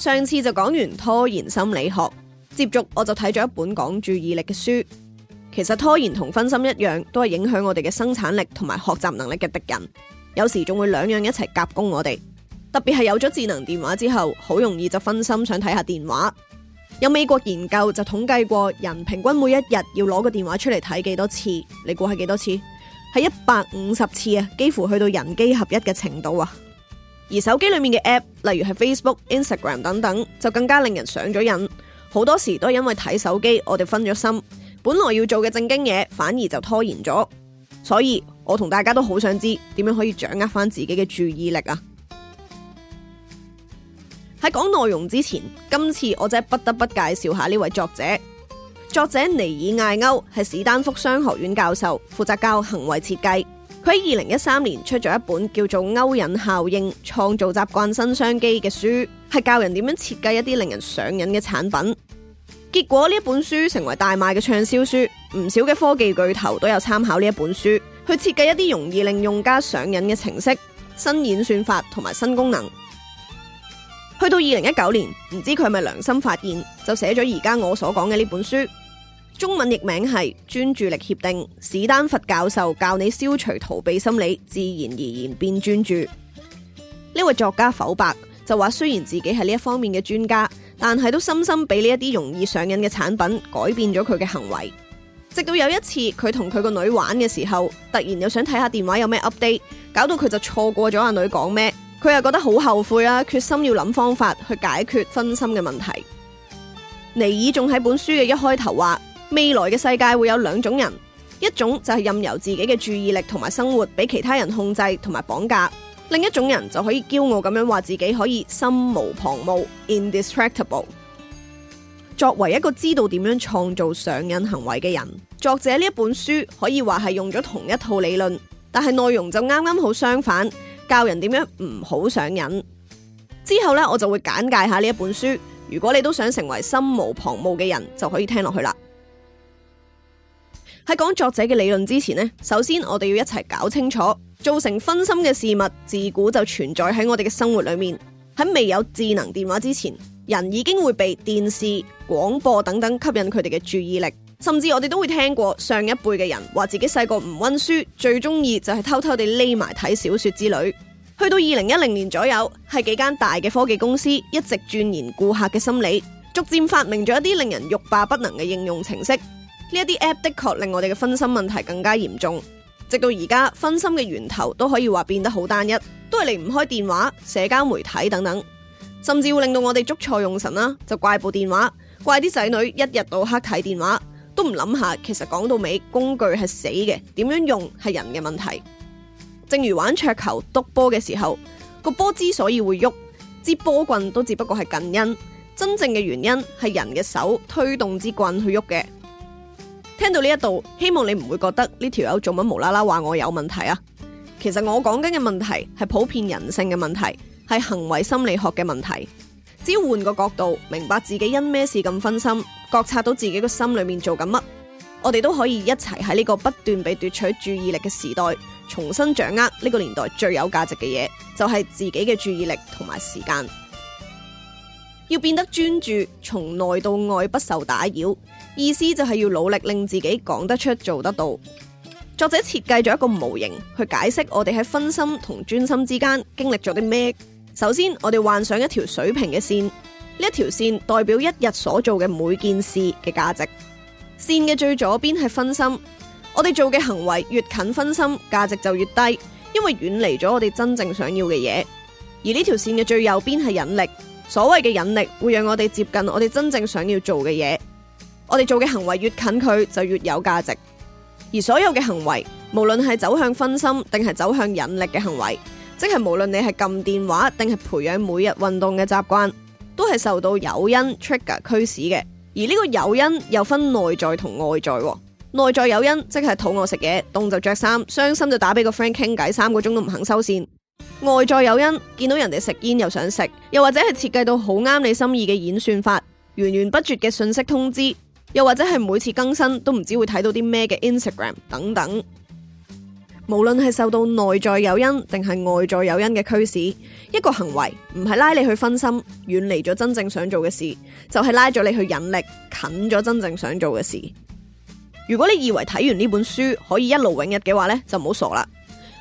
上次就講完拖延心理學，接續我就睇咗一本講注意力嘅書。其實拖延同分心一樣，都係影響我哋嘅生產力同埋學習能力嘅敵人。有時仲會兩樣一齊夾攻我哋。特別係有咗智能電話之後，好容易就分心想睇下電話。有美國研究就統計過，人平均每一日要攞個電話出嚟睇幾多次？你估係幾多次？係一百五十次啊！幾乎去到人機合一嘅程度啊！而手機裏面嘅 App，例如係 Facebook、Instagram 等等，就更加令人上咗癮。好多時都係因為睇手機，我哋分咗心，本來要做嘅正經嘢反而就拖延咗。所以我同大家都好想知點樣可以掌握返自己嘅注意力啊！喺講內容之前，今次我真係不得不介紹下呢位作者。作者尼爾艾歐係史丹福商學院教授，負責教行為設計。佢喺二零一三年出咗一本叫做《勾引效應：創造習慣新商機》嘅書，係教人點樣設計一啲令人上癮嘅產品。結果呢本書成為大賣嘅暢銷書，唔少嘅科技巨頭都有參考呢一本書去設計一啲容易令用家上癮嘅程式、新演算法同埋新功能。去到二零一九年，唔知佢係咪良心發現，就寫咗而家我所講嘅呢本書。中文譯名係專注力協定，史丹佛教授教你消除逃避心理，自然而然變專注。呢 位作家否白就話，雖然自己係呢一方面嘅專家，但係都深深俾呢一啲容易上癮嘅產品改變咗佢嘅行為。直到有一次，佢同佢個女玩嘅時候，突然又想睇下電話有咩 update，搞到佢就錯過咗阿女講咩。佢又覺得好後悔啦，決心要諗方法去解決分心嘅問題。尼爾仲喺本書嘅一開頭話。未來嘅世界會有兩種人，一種就係任由自己嘅注意力同埋生活俾其他人控制同埋綁架，另一種人就可以驕傲咁樣話自己可以心無旁騖 （indistractable）。作為一個知道點樣創造上癮行為嘅人，作者呢一本書可以話係用咗同一套理論，但係內容就啱啱好相反，教人點樣唔好上癮。之後呢，我就會簡介下呢一本書。如果你都想成為心無旁騖嘅人，就可以聽落去啦。喺講作者嘅理論之前呢，首先我哋要一齊搞清楚造成分心嘅事物，自古就存在喺我哋嘅生活裏面。喺未有智能電話之前，人已經會被電視、廣播等等吸引佢哋嘅注意力。甚至我哋都會聽過上一輩嘅人話自己細個唔溫書，最中意就係偷偷地匿埋睇小說之類。去到二零一零年左右，係幾間大嘅科技公司一直鑽研顧客嘅心理，逐漸發明咗一啲令人欲罷不能嘅應用程式。呢一啲 app 的確令我哋嘅分心問題更加嚴重。直到而家，分心嘅源頭都可以話變得好單一，都係離唔開電話、社交媒體等等，甚至會令到我哋捉錯用神啦。就怪部電話，怪啲仔女一日到黑睇電話，都唔諗下其實講到尾，工具係死嘅，點樣用係人嘅問題。正如玩桌球篤波嘅時候，個波之所以會喐，支波棍都只不過係近因，真正嘅原因係人嘅手推動支棍去喐嘅。聽到呢一度，希望你唔會覺得呢條友做乜無啦啦話我有問題啊？其實我講緊嘅問題係普遍人性嘅問題，係行為心理學嘅問題。只要換個角度，明白自己因咩事咁分心，覺察到自己個心裏面做緊乜，我哋都可以一齊喺呢個不斷被奪取注意力嘅時代，重新掌握呢個年代最有價值嘅嘢，就係自己嘅注意力同埋時間。要變得專注，從內到外不受打擾。意思就係要努力令自己講得出，做得到。作者設計咗一個模型去解釋我哋喺分心同專心之間經歷咗啲咩。首先，我哋幻想一條水平嘅線，呢一條線代表一日所做嘅每件事嘅價值。線嘅最左邊係分心，我哋做嘅行為越近分心，價值就越低，因為遠離咗我哋真正想要嘅嘢。而呢條線嘅最右邊係引力，所謂嘅引力會讓我哋接近我哋真正想要做嘅嘢。我哋做嘅行為越近佢，就越有價值，而所有嘅行為，無論係走向分心定係走向引力嘅行為，即係無論你係撳電話定係培養每日運動嘅習慣，都係受到誘因 trigger 驅使嘅。而呢個誘因又分內在同外在。內在誘因即係肚餓食嘢，凍就着衫，傷心就打俾個 friend 傾偈三個鐘都唔肯收線；外在誘因見到人哋食煙又想食，又或者係設計到好啱你心意嘅演算法，源源不絕嘅信息通知。又或者係每次更新都唔知會睇到啲咩嘅 Instagram 等等，無論係受到內在誘因定係外在誘因嘅驅使，一個行為唔係拉你去分心，遠離咗真正想做嘅事，就係、是、拉咗你去引力，近咗真正想做嘅事。如果你以為睇完呢本書可以一勞永逸嘅話呢，就唔好傻啦。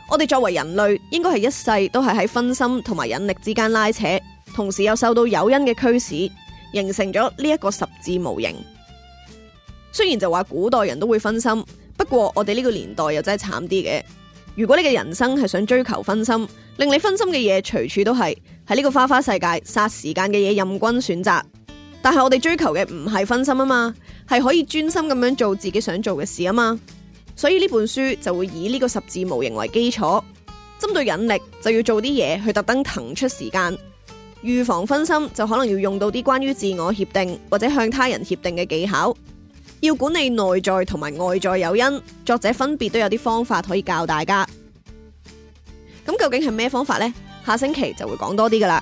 我哋作為人類，應該係一世都係喺分心同埋引力之間拉扯，同時又受到誘因嘅驅使，形成咗呢一個十字模型。雖然就話古代人都會分心，不過我哋呢個年代又真係慘啲嘅。如果你嘅人生係想追求分心，令你分心嘅嘢，隨處都係喺呢個花花世界，殺時間嘅嘢任君選擇。但係我哋追求嘅唔係分心啊嘛，係可以專心咁樣做自己想做嘅事啊嘛。所以呢本書就會以呢個十字模型為基礎，針對引力就要做啲嘢去特登騰出時間，預防分心就可能要用到啲關於自我協定或者向他人協定嘅技巧。要管理內在同埋外在有因，作者分別都有啲方法可以教大家。咁究竟係咩方法呢？下星期就會講多啲㗎喇。